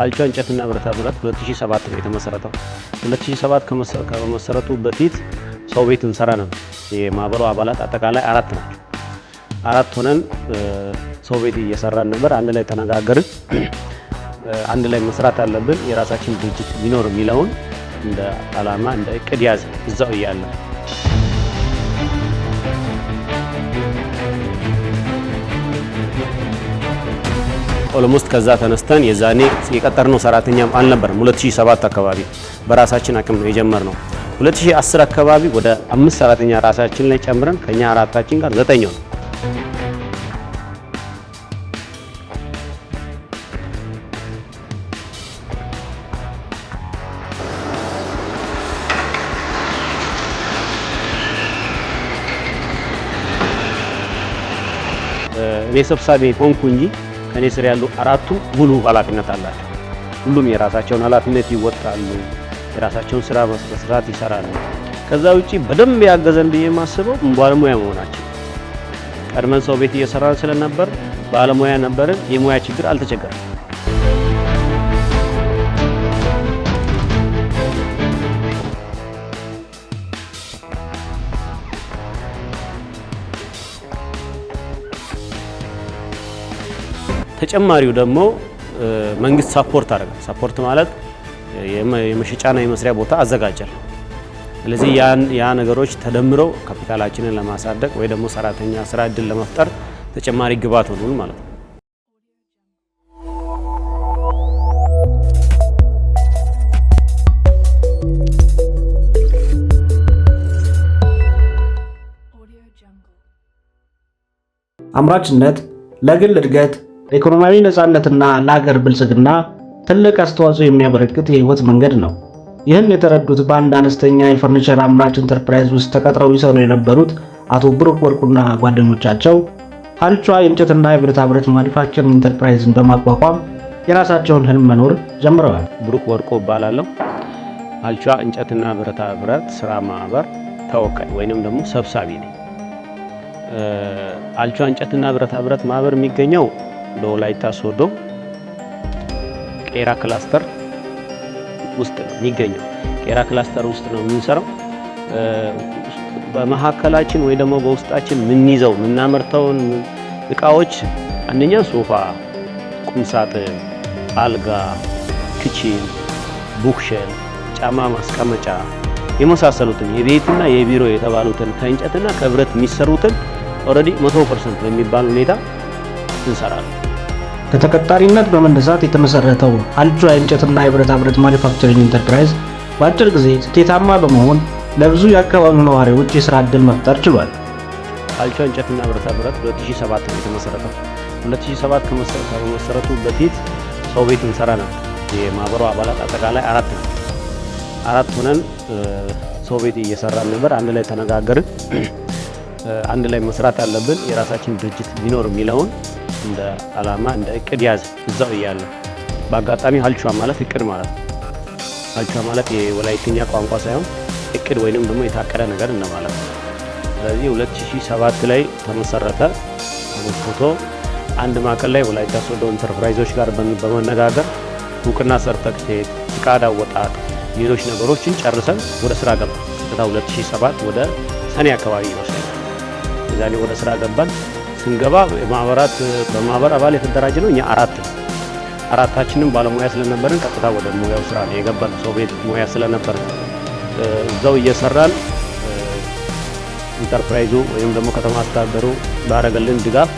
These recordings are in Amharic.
ቃልቻ እንጨትና ብረታ ብረት 2007 ነው የተመሰረተው። 2007 ከመሰረቱ በፊት ሰው ቤት እንሰራ ነበር። የማህበሩ አባላት አጠቃላይ አራት ናቸው። አራት ሆነን ሰው ቤት እየሰራን ነበር። አንድ ላይ ተነጋገርን። አንድ ላይ መስራት አለብን፣ የራሳችን ድርጅት ቢኖር የሚለውን እንደ አላማ እንደ እቅድ ያዝ እዛው እያለን ኦሎሞስት ከዛ ተነስተን የዛኔ የቀጠርነው ሰራተኛም አልነበርም። 2007 አካባቢ በራሳችን አቅም ነው የጀመርነው። 2010 አካባቢ ወደ አምስት ሰራተኛ ራሳችን ላይ ጨምረን ከኛ አራታችን ጋር ዘጠኝ ነው። እኔ ሰብሳቢ ሆንኩ እንጂ ከኔ ስር ያሉ አራቱም ሙሉ ኃላፊነት አላቸው። ሁሉም የራሳቸውን ኃላፊነት ይወጣሉ። የራሳቸውን ስራ በስርዓት ይሰራሉ። ከዛ ውጪ በደንብ ያገዘን ብዬ የማስበው ባለሙያ መሆናቸው። ቀድመን ሰው ቤት እየሰራን ስለነበር ባለሙያ ነበርን። የሙያ ችግር አልተቸገረም። ተጨማሪው ደግሞ መንግስት ሳፖርት አደረጋል። ሳፖርት ማለት የመሸጫና የመስሪያ ቦታ አዘጋጀል። ስለዚህ ያ ነገሮች ተደምረው ካፒታላችንን ለማሳደግ ወይ ደግሞ ሰራተኛ ስራ እድል ለመፍጠር ተጨማሪ ግብዓት ሆኑል ማለት ነው። አምራችነት ለግል እድገት ለኢኮኖሚያዊ ነፃነትና ለሀገር ብልጽግና ትልቅ አስተዋጽኦ የሚያበረክት የህይወት መንገድ ነው። ይህን የተረዱት በአንድ አነስተኛ የፈርኒቸር አምራች ኢንተርፕራይዝ ውስጥ ተቀጥረው ይሰሩ የነበሩት አቶ ብሩክ ወርቁና ጓደኞቻቸው ሀልቿ የእንጨትና የብረታ ብረት ማኒፋክቸሪንግ ኢንተርፕራይዝን በማቋቋም የራሳቸውን ህልም መኖር ጀምረዋል። ብሩክ ወርቁ እባላለሁ። ሀልቿ እንጨትና ብረታ ብረት ስራ ማህበር ተወካይ ወይንም ደግሞ ሰብሳቢ ነኝ። ሀልቿ እንጨትና ብረታ ብረት ማህበር የሚገኘው በወላይታ ሶዶ ቄራ ክላስተር ውስጥ ነው የሚገኘው። ቄራ ክላስተር ውስጥ ነው የምንሰራው። በመሀከላችን ወይ ደግሞ በውስጣችን የምንይዘው የምናመርተውን እቃዎች አንደኛ ሶፋ፣ ቁምሳጥን፣ አልጋ፣ ክቺን፣ ቡክሸል፣ ጫማ ማስቀመጫ የመሳሰሉትን የቤትና የቢሮ የተባሉትን ከእንጨትና ከብረት የሚሰሩትን ኦልሬዲ 100% በሚባል ሁኔታ እንሰራለን። ከተቀጣሪነት በመነሳት የተመሰረተው አልጅራ እንጨትና የብረታ ብረት ማኒፋክቸሪንግ ኢንተርፕራይዝ በአጭር ጊዜ ስኬታማ በመሆን ለብዙ የአካባቢው ነዋሪዎች የስራ ዕድል መፍጠር ችሏል። አልጅራ እንጨትና ብረታ ብረት 2007 የተመሰረተው 2007 ከመሰረቱ በፊት ሰው ቤት እንሰራ ነው። የማህበሩ አባላት አጠቃላይ አራት ነው። አራት ሆነን ሰው ቤት እየሰራን ነበር። አንድ ላይ ተነጋገርን። አንድ ላይ መስራት ያለብን የራሳችን ድርጅት ቢኖር የሚለውን እንደ አላማ እንደ እቅድ ያዝ እዛው እያለ በአጋጣሚ ሀልቿ ማለት እቅድ ማለት ነው። ሀልቿ ማለት የወላይተኛ ቋንቋ ሳይሆን እቅድ ወይንም ደግሞ የታቀደ ነገር እንደማለት ነው። ስለዚህ 2007 ላይ ተመሰረተ ፎቶ አንድ ማዕከል ላይ ወላይታ ሶዶ ኢንተርፕራይዞች ጋር በመነጋገር እውቅና ሰርተክቴት፣ ፍቃድ አወጣጥ፣ ሌሎች ነገሮችን ጨርሰን ወደ ስራ ገባ። 2007 ወደ ሰኔ አካባቢ ይመስላል ዛሬ ወደ ስራ ገባን። ስንገባ ማህበራት በማህበር አባል የተደራጀ ነው። እኛ አራት አራታችንም ባለሙያ ስለነበርን ቀጥታ ወደ ሙያው ስራ ነው የገባን። ሰው ቤት ሙያ ስለነበር እዛው እየሰራን ኢንተርፕራይዙ ወይም ደግሞ ከተማ አስተዳደሩ ባረገልን ድጋፍ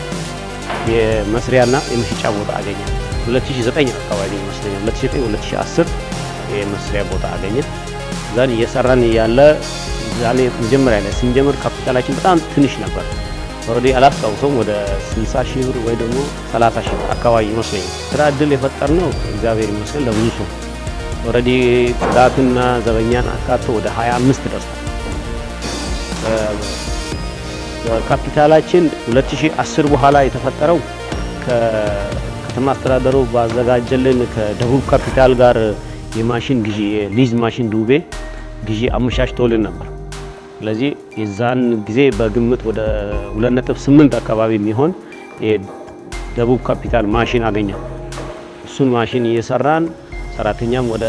የመስሪያና የመሸጫ ቦታ አገኘ። 2009 አካባቢ ይመስለኛል 2009 2010 የመስሪያ ቦታ አገኘ። ዛን እየሰራን ያለ ዛሬ መጀመሪያ ላይ ስንጀምር ካፒታላችን በጣም ትንሽ ነበር። ኦልሬዲ አላስታውሰውም ወደ 60 ሺህ ብር ወይ ደግሞ 30 ሺህ አካባቢ ይመስለኛል። ስራ እድል ነው እግዚአብሔር ይመስገን ለብዙ ሰው ኦልሬዲ ጽዳትና ዘበኛን አካቶ ወደ 25 ደርሷል። ካፒታላችን 2010 በኋላ የተፈጠረው ከተማ አስተዳደሩ ባዘጋጀልን ከደቡብ ካፒታል ጋር የማሽን ግዢ ሊዝ ማሽን ዱቤ ግዢ አመሻሽቶልን ነበር። ስለዚህ የዛን ጊዜ በግምት ወደ 2.8 አካባቢ የሚሆን የደቡብ ካፒታል ማሽን አገኘን። እሱን ማሽን እየሰራን ሰራተኛም ወደ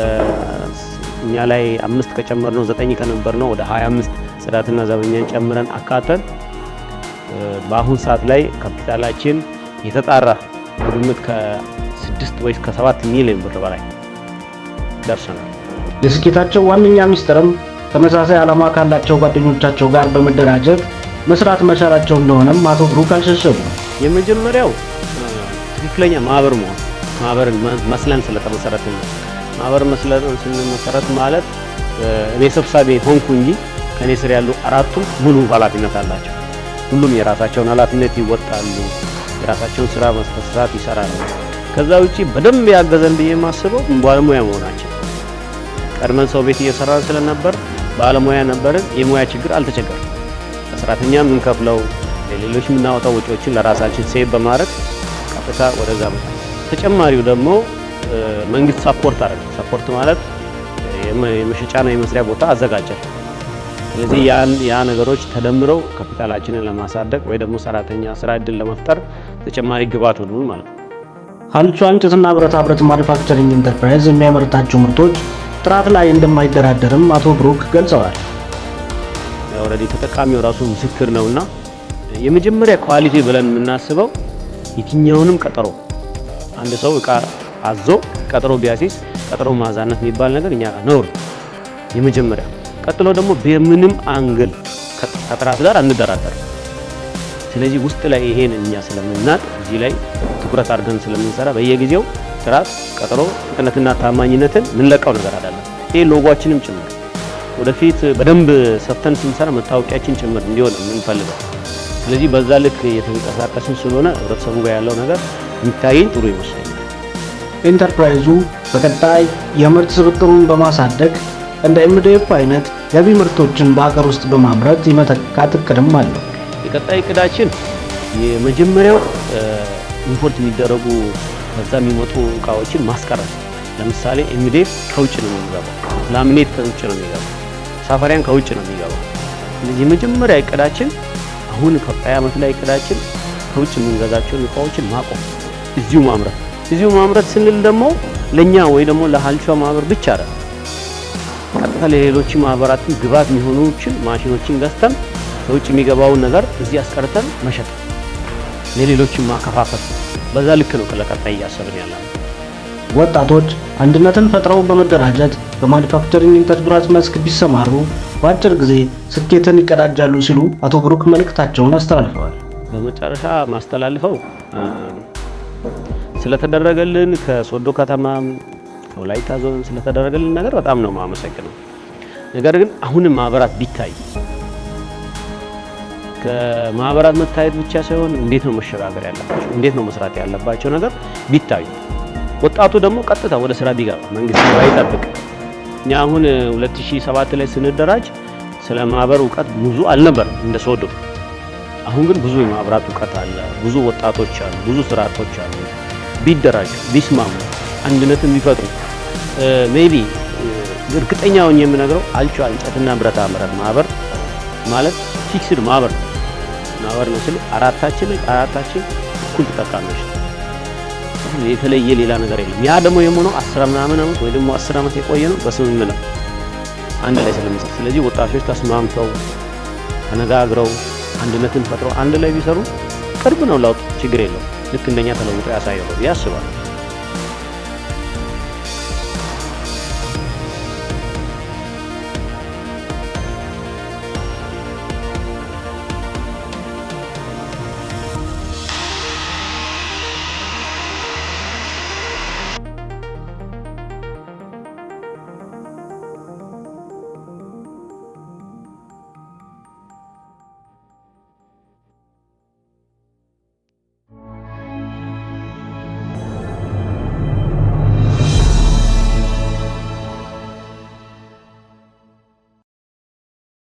እኛ ላይ አምስት ከጨመርነው ዘጠኝ ከነበርነው ወደ 25 ጽዳትና ዘበኛን ጨምረን አካተን በአሁን ሰዓት ላይ ካፒታላችን የተጣራ በግምት ከስድስት ወይ ከሰባት ሚሊዮን ብር በላይ ደርሰናል። የስኬታቸው ዋነኛ ሚስጥርም ተመሳሳይ ዓላማ ካላቸው ጓደኞቻቸው ጋር በመደራጀት መስራት መቻላቸው እንደሆነም አቶ ብሩክ አልሸሸጉ። የመጀመሪያው ትክክለኛ ማህበር መሆን ማህበር መስለን ስለተመሰረት ነው። ማህበር መስለን ስንመሰረት ማለት እኔ ሰብሳቢ ሆንኩ እንጂ ከእኔ ስር ያሉ አራቱም ሙሉ ኃላፊነት አላቸው። ሁሉም የራሳቸውን ኃላፊነት ይወጣሉ። የራሳቸውን ስራ መስራት ይሰራሉ። ከዛ ውጪ በደንብ ያገዘን ብዬ የማስበው ባለሙያ መሆናቸው ቀድመን ሰው ቤት እየሰራን ስለነበር ባለሙያ ነበርን። የሙያ ችግር አልተቸገርም። ለሰራተኛ የምንከፍለው ለሌሎች የምናወጣው ወጪዎችን ለራሳችን ሴቭ በማድረግ ቀጥታ ወደዛ መጣ። ተጨማሪው ደግሞ መንግስት ሰፖርት አደረገ። ሰፖርት ማለት የመሸጫና የመስሪያ ቦታ አዘጋጀ። ስለዚህ ያ ነገሮች ተደምረው ካፒታላችንን ለማሳደግ ወይ ደግሞ ሰራተኛ ስራ እድል ለመፍጠር ተጨማሪ ግብዓት ሆኑ ማለት ነው። አንቹ እንጨትና ብረታ ብረት ማኒፋክቸሪንግ ኢንተርፕራይዝ የሚያመርታቸው ምርቶች ጥራት ላይ እንደማይደራደርም አቶ ብሩክ ገልጸዋል። ኦልሬዲ ተጠቃሚው ራሱ ምስክር ነውና የመጀመሪያ ኳሊቲ ብለን የምናስበው የትኛውንም ቀጠሮ አንድ ሰው እቃ አዞ ቀጠሮ ቢያሲስ ቀጠሮ ማዛነት የሚባል ነገር እኛ ነውር የመጀመሪያ። ቀጥሎ ደግሞ በምንም አንግል ከጥራት ጋር አንደራደር። ስለዚህ ውስጥ ላይ ይሄን እኛ ስለምናቅ እዚህ ላይ ትኩረት አድርገን ስለምንሰራ በየጊዜው ጥራት፣ ቀጠሮ ፍጥነትና ታማኝነትን ምንለቀው ነገር አይደለም። ይሄ ሎጓችንም ጭምር ወደፊት በደንብ ሰፍተን ስንሰራ መታወቂያችን ጭምር እንዲሆን የምንፈልገው። ስለዚህ በዛ ልክ የተንቀሳቀስን ስለሆነ ህብረተሰቡ ጋር ያለው ነገር የሚታይን ጥሩ ይመስለኛል። ኢንተርፕራይዙ በቀጣይ የምርት ስብጥሩን በማሳደግ እንደ ኤምዴፍ አይነት ገቢ ምርቶችን በሀገር ውስጥ በማምረት የመተካት እቅድም አለ። የቀጣይ እቅዳችን የመጀመሪያው ኢምፖርት የሚደረጉ ከዛ የሚመጡ እቃዎችን ማስቀረት። ለምሳሌ ኤሚዴፍ ከውጭ ነው የሚገባው፣ ላሚኔት ከውጭ ነው የሚገባው፣ ሳፋሪያን ከውጭ ነው የሚገባው። ስለዚህ የመጀመሪያ እቅዳችን አሁን ከቀያ ዓመት ላይ እቅዳችን ከውጭ የምንገዛቸውን እቃዎችን ማቆም፣ እዚሁ ማምረት። እዚሁ ማምረት ስንል ደግሞ ለእኛ ወይ ደግሞ ለሀልቿ ማህበር ብቻ አለ ቀጥታ ለሌሎች ማህበራትን ግብዓት የሚሆኑችን ማሽኖችን ገዝተን ከውጭ የሚገባውን ነገር እዚህ አስቀርተን መሸጥ፣ ማከፋፈት ነው። በዛ ልክ ነው ለቀጣይ እያሰብን ያለ ወጣቶች አንድነትን ፈጥረው በመደራጀት በማኒፋክቸሪንግ ኢንተርፕራይዝ መስክ ቢሰማሩ በአጭር ጊዜ ስኬትን ይቀዳጃሉ ሲሉ አቶ ብሩክ መልእክታቸውን አስተላልፈዋል። በመጨረሻ ማስተላልፈው ስለተደረገልን ከሶዶ ከተማ ከወላይታ ዞን ስለተደረገልን ነገር በጣም ነው ማመሰግነው። ነገር ግን አሁንም ማህበራት ቢታይ ከማህበራት መታየት ብቻ ሳይሆን እንዴት ነው መሸጋገር ያለባቸው፣ እንዴት ነው መስራት ያለባቸው ነገር ቢታዩ፣ ወጣቱ ደግሞ ቀጥታ ወደ ስራ ቢገባ መንግስት ባይጠብቅ። እኛ አሁን 2007 ላይ ስንደራጅ ስለ ማህበር እውቀት ብዙ አልነበር እንደ ሶዶ። አሁን ግን ብዙ የማህበራት እውቀት አለ፣ ብዙ ወጣቶች አሉ፣ ብዙ ስርዓቶች አሉ። ቢደራጁ፣ ቢስማሙ፣ አንድነት ቢፈጥሩ ሜቢ እርግጠኛ ሆኜ የምነግረው አልቻ እንጨትና ብረታ ብረት ማህበር ማለት ፊክስድ ማህበር ነው። ማህበር ነው ስል አራታችን አራታችን እኩል ተጠቃሚዎች የተለየ ሌላ ነገር የለም። ያ ደግሞ የሆነው አስር ምናምን ዓመት ወይ ደግሞ አስር ዓመት የቆየ ነው በስምምነት ነው አንድ ላይ ስለሚሰሩ። ስለዚህ ወጣቶች ተስማምተው ተነጋግረው አንድነትን ፈጥረው አንድ ላይ ቢሰሩ ቅርብ ነው ለውጥ፣ ችግር የለው። ልክ እንደኛ ተለውጦ ያሳየው ያስባል።